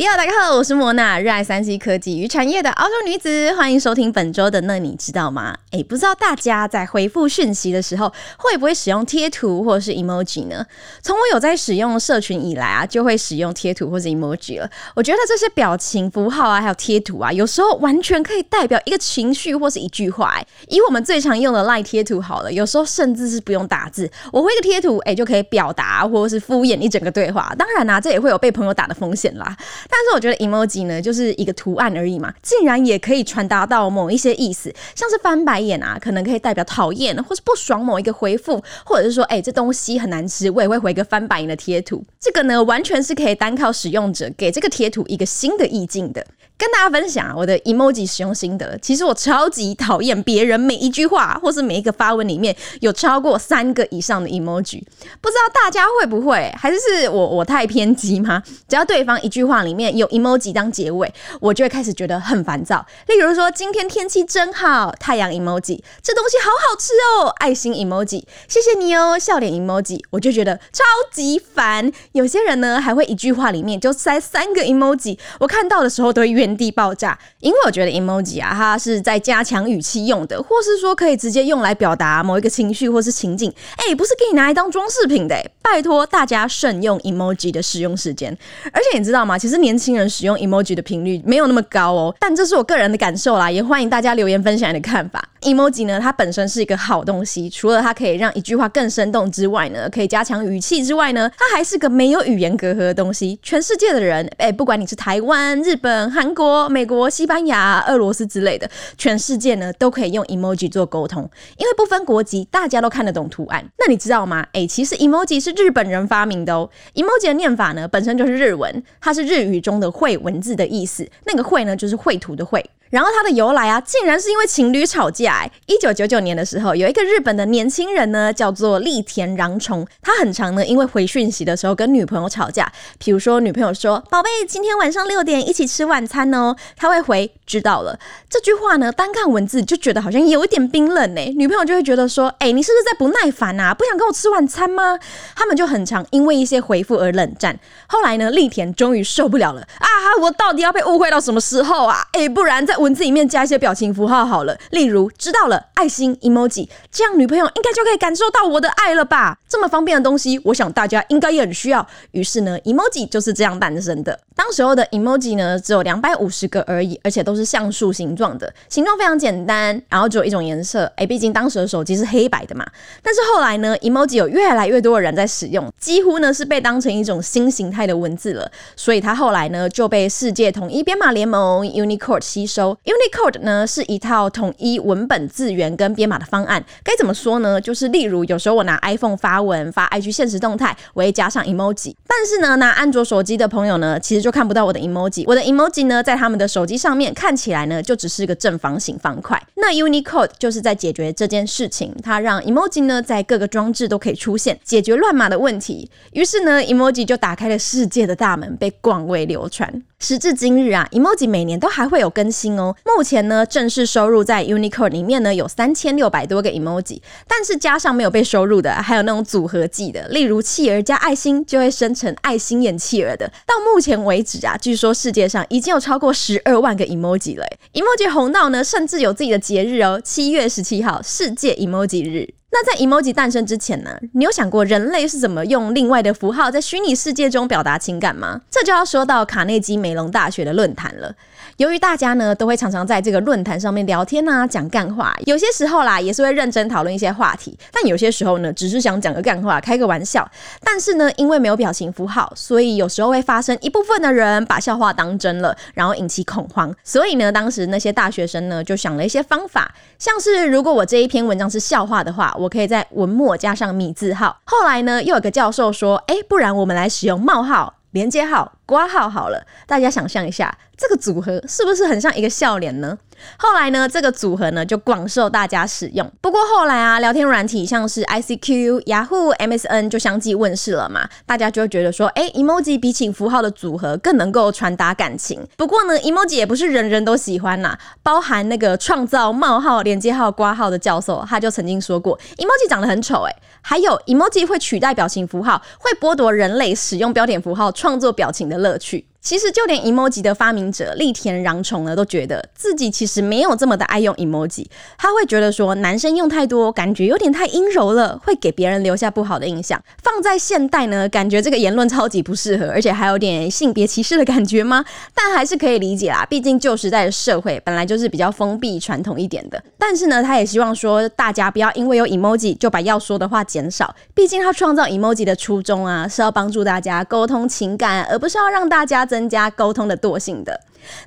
你好，大家好，我是莫娜，熱愛 3C 科技與產業的澳洲女子，歡迎收聽本周的那你知道嗎、欸。不知道大家在回復訊息的時候會不會使用貼圖或是 emoji 呢？從我有在使用社群以來啊，就會使用貼圖或是 emoji 了。我覺得這些表情符號啊，還有貼圖啊，有時候完全可以代表一個情緒或是一句話、欸。以我們最常用的 Line 貼圖好了，有時候甚至是不用打字，我回一個貼圖、欸，就可以表達或者是敷衍一整個對話。當然啊，這也會有被朋友打的風險啦。但是我覺得 emoji 呢，就是一個圖案而已嘛，竟然也可以傳達到某一些意思，像是翻白眼啊，可能可以代表討厭，或是不爽某一個回復，或者是說，哎、欸，這東西很難吃，我也會回一個翻白眼的貼圖。這個呢，完全是可以單靠使用者給這個貼圖一個新的意境的。跟大家分享我的 emoji 使用心得。其實我超級討厭別人每一句話或是每一個發文裡面有超過三個以上的 emoji。不知道大家會不會？還是是我我太偏激嗎？只要對方一句話裡面有 emoji 當結尾，我就會開始覺得很煩躁。例如說，今天天氣真好，太陽 emoji。這東西好好吃哦，愛心 emoji。謝謝你哦，笑臉 emoji。我就覺得超級煩。有些人呢，還會一句話裡面就塞三個 emoji。我看到的時候都會怨地爆炸，因為我覺得 emoji 啊，它是在加強語氣用的，或是說可以直接用來表達某一個情緒或是情境。誒、欸，不是給你拿來當裝飾品的，拜託大家慎用 emoji 的使用時間。而且你知道嗎？其實年輕人使用 emoji 的頻率沒有那麼高哦，但這是我個人的感受啦，也歡迎大家留言分享你的看法。emoji 呢，它本身是一個好東西，除了它可以讓一句話更生動之外呢，可以加強語氣之外呢，它還是個沒有語言隔閡的東西。全世界的人，哎、欸，不管你是台灣、日本、韓國、美國、西班牙、俄羅斯之類的，全世界呢都可以用 emoji 做溝通，因為不分國籍，大家都看得懂圖案。那你知道嗎？哎、欸，其實 emoji 是日本人發明的哦。emoji 的念法呢，本身就是日文，它是日語中的繪文字的意思。那個繪呢，就是繪圖的繪。然後他的由來啊，竟然是因為情侶吵架。一九九九年的時候，有一個日本的年輕人呢，叫做栗田穰崇，他很常呢因為回訊息的時候跟女朋友吵架。比如說女朋友說：“寶貝，今天晚上六點一起吃晚餐哦。”他會回：“知道了。”這句話呢，單看文字就覺得好像有一點冰冷呢。女朋友就會覺得說：“哎、欸，你是不是在不耐煩啊？不想跟我吃晚餐嗎？”他們就很常因為一些回復而冷戰。後來呢，栗田終於受不了了啊！我到底要被誤會到什麼時候啊？哎、欸，不然在文字裡面加一些表情符號好了，例如知道了愛心 emoji，這樣女朋友應該就可以感受到我的愛了吧？這麼方便的東西，我想大家應該也很需要。於是呢，emoji 就是這樣誕生的。當時候的 emoji 呢，只有兩百五十個而已，而且都是像素形狀的，形狀非常簡單，然後只有一種顏色。哎、欸，畢竟當時的手機是黑白的嘛。但是後來呢，emoji 有越來越多的人在使用，幾乎呢是被當成一種新形態的文字了。所以它後來呢就被世界統一編碼聯盟 Unicode 吸收。Unicode 呢是一套統一文本字元跟編碼的方案，該怎麼說呢？就是例如有時候我拿 iPhone 發文發 IG 限時動態，我會加上 emoji，但是呢拿安卓手機的朋友呢，其實就看不到我的 emoji，我的 emoji 呢在他們的手機上面看起來呢就只是一個正方形方塊。那 Unicode 就是在解決這件事情，它讓 emoji 呢在各個裝置都可以出現，解決亂碼的問題。於是呢 emoji 就打開了世界的大門，被廣為流傳。時至今日啊，emoji 每年都還會有更新哦。目前呢，正式收入在 Unicode 裡面呢有三千六百多個 emoji，但是加上沒有被收入的，還有那種組合劑的，例如氣兒加愛心就會生成愛心眼氣兒的。到目前為止啊，據說世界上已經有超過十二萬個 emoji 了。emoji 紅到呢，甚至有自己的節日哦，七月十七號世界 emoji 日。那在 emoji 誕生之前呢？你有想過人類是怎麼用另外的符號在虛擬世界中表達情感嗎？這就要說到卡內基梅隆大學的論壇了。由於大家呢都會常常在這個論壇上面聊天啊，講幹話，有些時候啦也是會認真討論一些話題，但有些時候呢只是想講個幹話，開個玩笑。但是呢，因為沒有表情符號，所以有時候會發生一部分的人把笑話當真了，然後引起恐慌。所以呢，當時那些大學生呢就想了一些方法，像是如果我這一篇文章是笑話的話，我可以在文末加上米字號。後來呢，又有一個教授說，誒、欸、不然我們來使用冒號連接號、括號好了，大家想象一下，這個組合是不是很像一個笑臉呢？後來呢，這個組合呢就廣受大家使用。不過後來啊，聊天軟體像是 ICQ、Yahoo、MSN 就相繼問世了嘛，大家就會覺得說，誒、欸、emoji 比起符號的組合更能夠傳達感情。不過呢，emoji 也不是人人都喜歡吶、啊。包含那個創造冒號、連接號、括號的教授，他就曾經說過，emoji 長得很醜、欸，誒還有 emoji 會取代表情符號，會剝奪人類使用標點符號創作表情的樂趣。其實就連 emoji 的發明者栗田穰崇呢，都覺得自己其實沒有這麼的愛用 emoji。他會覺得說，男生用太多，感覺有點太陰柔了，會給別人留下不好的印象。放在現代呢，感覺這個言論超級不適合，而且還有點性別歧視的感覺嗎？但還是可以理解啦，畢竟舊時代的社會本來就是比較封閉、傳統一點的。但是呢，他也希望說，大家不要因為有 emoji 就把要說的話減少。畢竟他創造 emoji 的初衷啊，是要幫助大家溝通情感，而不是要讓大家。增加溝通的惰性的。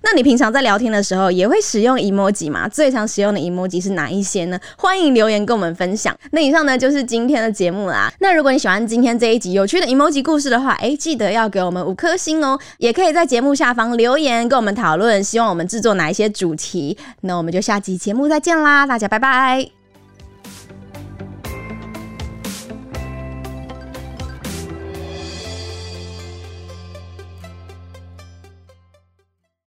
那你平常在聊天的時候也會使用 emoji 嗎？最常使用的 emoji 是哪一些呢？歡迎留言跟我們分享。那以上呢就是今天的節目啦。那如果你喜歡今天這一集有趣的 emoji 故事的話，哎、欸，記得要給我們五顆星哦、喔。也可以在節目下方留言跟我們討論，希望我們製作哪一些主題。那我們就下集節目再見啦，大家拜拜。